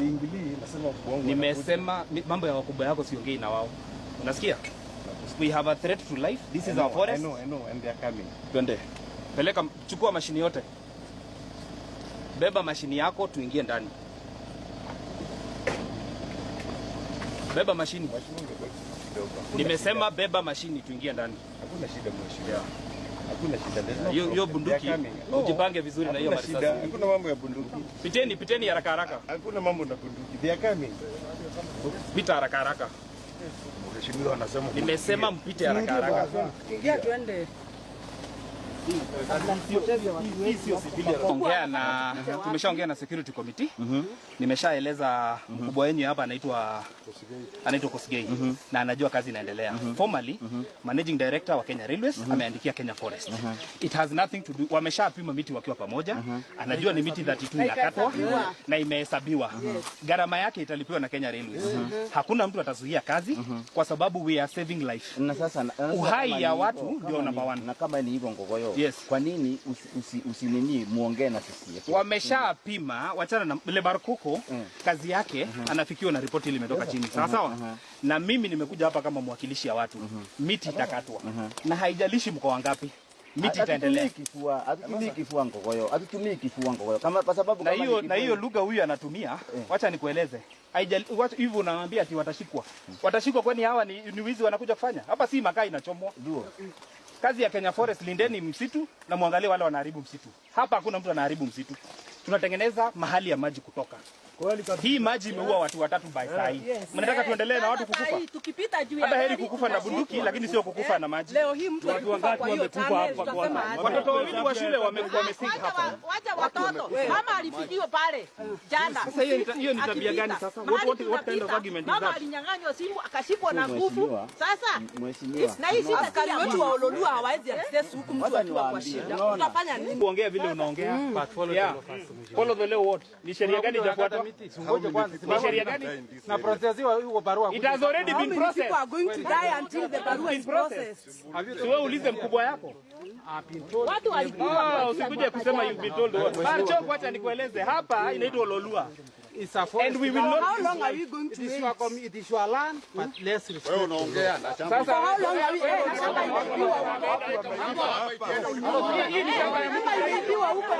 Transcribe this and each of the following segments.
siingilii, nasema wakubwa wangu. Nimesema mambo ya wakubwa yako siongei na wao, unasikia? We have a threat to life. This is our forest. I know, I know, and they are coming. Twende, peleka, chukua mashini yote, beba mashini yako, tuingie ndani. Beba mashini, nimesema beba mashini, tuingie ndani. Hakuna shida mheshimiwa. Hakuna shida. Hiyo hiyo bunduki ujipange vizuri na hiyo marisasi. Hakuna mambo ya bunduki. Piteni piteni haraka haraka. Hakuna mambo na bunduki. They are coming. Pita haraka haraka. Mheshimiwa anasema nimesema mpite haraka haraka. Ingia tuende. Ongea na tumeshaongea na security committee. Mm -hmm. Nimeshaeleza mkubwa wenu hapa anaitwa anaitwa Kosgei mm -hmm. na anajua kazi inaendelea. Mm -hmm. Formally mm -hmm. managing director wa Kenya Railways mm -hmm. ameandikia Kenya Forest. Mm -hmm. It has nothing to do. Wameshapima miti wakiwa pamoja. Mm -hmm. Anajua ni miti 32 inakatwa na imehesabiwa. Mm -hmm. Gharama yake italipiwa na Kenya Railways. Mm -hmm. Hakuna mtu atazuia kazi mm -hmm. kwa sababu we are saving life. Na sasa uhai ya watu ndio number 1. Na kama ni hivyo ngogoyo Yes. Kwa nini usinini usi, usi muongee na sisi? Wameshapima, wachana na ile Barukuku mm. kazi yake mm -hmm. anafikiwa na ripoti ile imetoka chini sawa sawa mm -hmm. na mimi nimekuja hapa kama mwakilishi ya watu mm -hmm. miti itakatwa mm -hmm. na haijalishi mko wangapi miti itaendelea. Na hiyo na hiyo lugha huyu anatumia eh. Wacha nikueleze hivyo unaambia ati watashikwa mm. watashikwa, kwani hawa ni, ni wizi wanakuja kufanya hapa? Si makaa inachomwa Kazi ya Kenya Forest, lindeni msitu na muangalie wale wanaharibu msitu. Hapa hakuna mtu anaharibu msitu tunatengeneza mahali ya maji kutoka. Hii maji imeua watu watatu by eh. saa hii. Mnataka eh. tuendelee na watu kukufa? Hata heri kukufa na bunduki lakini sio kukufa na maji. Leo hii mtu watu wangapi wamekufa hapa. kwa sababu Watoto wawili wa shule wamekuwa ah, wamesinga hapa. Wacha watoto. Mama alifikiwa pale jana. Sasa hiyo hiyo ni tabia gani sasa? What what what kind of argument is that? Mama alinyang'anywa simu akashikwa na nguvu. Sasa na hii si kali wetu wa Ololua hawawezi access huku mtu akiwa kwa shida. Utafanya nini? Kuongea vile unaongea mm. but follow the process all of the law what? Ni sheria gani itafuatwa? Ngoja kwanza. Ni sheria gani? Na process hiyo barua. It has already been processed. People are going to die until the barua is processed. Wewe ulize mkubwa yako. Ah, Watu walikuwa ah, usikuje kusema you've been told what. Barcho kwacha nikueleze hapa inaitwa Ololua. It's a forest. And we will not. How long are we going to wait? It is your land, but less respect. Wewe unaongea na shamba. Sasa how long are we eh, wait? Shamba imeibiwa huko. Hii ni shamba imeibiwa huko.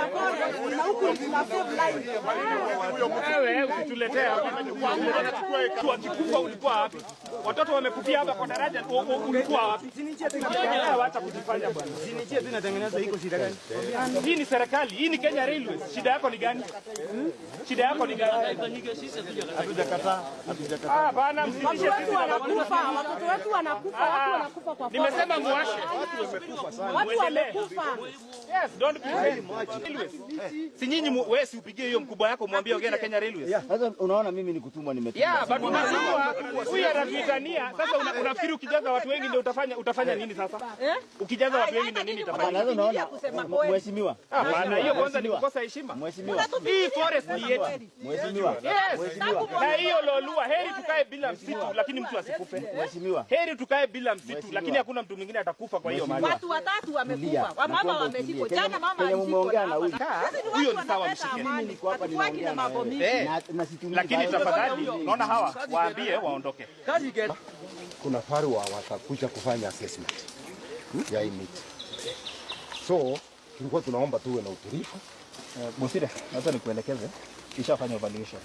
Wewe ukituletea wakikufa, ulikuwa wapi? Watoto wamekufia hapa kwa daraja, ulikuwa wapi? Hii ni serikali, hii ni Kenya Railways. Shida yako ni gani? Hmm? Shida yako ni gani? Hatujakataa, hatujakataa. Ah bana, msitishe sisi wanakufa, watoto wetu wanakufa, watu ah, wanakufa kwa Nimesema muwashe. Watu wamekufa. Yes, don't be eh. Si nyinyi wewe si upigie hiyo mkubwa yako mwambie ongea na Kenya Railways. Yeah, sasa unaona mimi nikutumwa nimetumwa. Yeah, but unajua huyu anatuitania. Sasa unafikiri ukijaza watu wengi ndio utafanya utafanya nini sasa? Eh? Ukijaza watu wengi ndio nini utafanya? Sasa unaona mheshimiwa. Hapana, hiyo kwanza ni kukosa heshima. Mheshimiwa. Hii forest ni yetu. Mheshimiwa. Na hiyo lolua heri tukae bila msitu lakini mtu asikufe. Mheshimiwa. Heri tukae bila msitu lakini hakuna mtu mwingine atakufa kwa hiyo mali. Watu watatu wamekufa. Mama wameshikwa. Jana mama alishikwa. Huyo hiyo ni sawa, eh, lakini tafadhali, naona hawa waambie waondoke. Kuna faru watakuja kufanya assessment hmm, ya hii so tulikuwa tunaomba tuwe na utulivu. Eh, Bosire, hata nikuelekeze, ishafanya evaluation.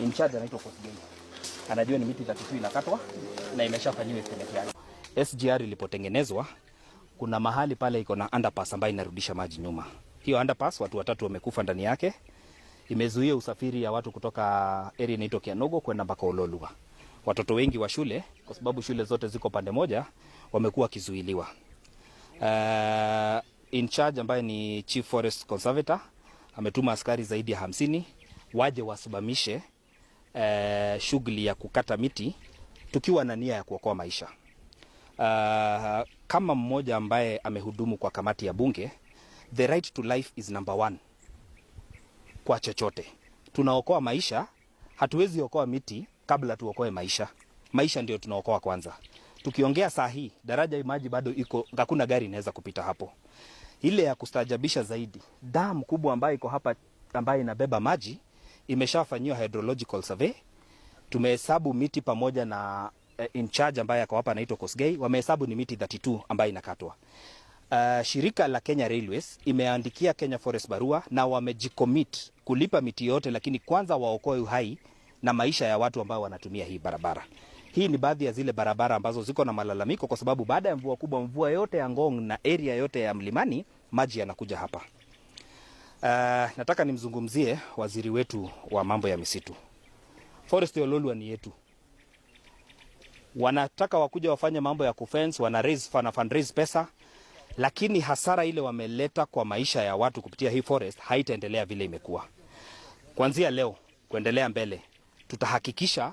In charge anaitwa Kosgei, anajua ni miti za 32 inakatwa na imeshafanyiwa selekiani. SGR ilipotengenezwa kuna mahali pale iko na underpass ambayo inarudisha maji nyuma hiyo underpass, watu watatu wamekufa ndani yake. Imezuia usafiri ya watu kutoka area inaitwa Kianogo kwenda mpaka Ololua. Watoto wengi wa shule, kwa sababu shule zote ziko pande moja, wamekuwa kizuiliwa. Uh, eh, in charge ambaye ni Chief Forest Conservator ametuma askari zaidi ya hamsini waje wasimamishe uh, eh, shughuli ya kukata miti tukiwa na nia ya kuokoa maisha. Uh, kama mmoja ambaye amehudumu kwa kamati ya bunge the right to life is number one kwa chochote. Tunaokoa maisha, hatuwezi okoa miti kabla tuokoe maisha. Maisha ndio tunaokoa kwanza. Tukiongea saa hii, daraja maji bado iko, hakuna gari inaweza kupita hapo. Ile ya kustaajabisha zaidi, damu kubwa ambayo iko hapa ambayo inabeba maji imeshafanyiwa hydrological survey. Tumehesabu miti pamoja na eh, in charge ambaye ako hapa anaitwa Kosgei, wamehesabu ni miti 32 ambayo inakatwa. Uh, shirika la Kenya Railways imeandikia Kenya Forest barua na wamejicommit kulipa miti yote, lakini kwanza waokoe uhai na maisha ya watu ambao wanatumia hii barabara. Hii ni baadhi ya zile barabara ambazo ziko na malalamiko kwa sababu baada ya mvua kubwa, mvua yote ya Ngong na area yote ya mlimani, maji yanakuja hapa. Uh, nataka nimzungumzie waziri wetu wa mambo ya misitu Forest Ololwa ni yetu wanataka wakuja wafanye mambo ya kufence, wana raise, fund, fundraise pesa lakini hasara ile wameleta kwa maisha ya watu kupitia hii forest haitaendelea vile imekuwa. Kuanzia leo kuendelea mbele, tutahakikisha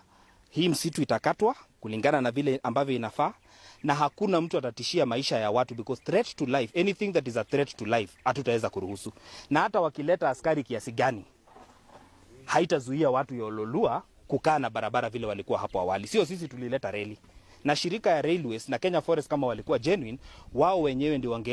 hii msitu itakatwa kulingana na vile ambavyo inafaa, na hakuna mtu atatishia maisha ya watu because threat to life, anything that is a threat to life hatutaweza kuruhusu, na hata wakileta askari kiasi gani haitazuia watu ya Ololua kukaa na barabara vile walikuwa hapo awali. Sio sisi tulileta reli na shirika ya railways na Kenya Forest kama walikuwa genuine, wao wenyewe ndio wange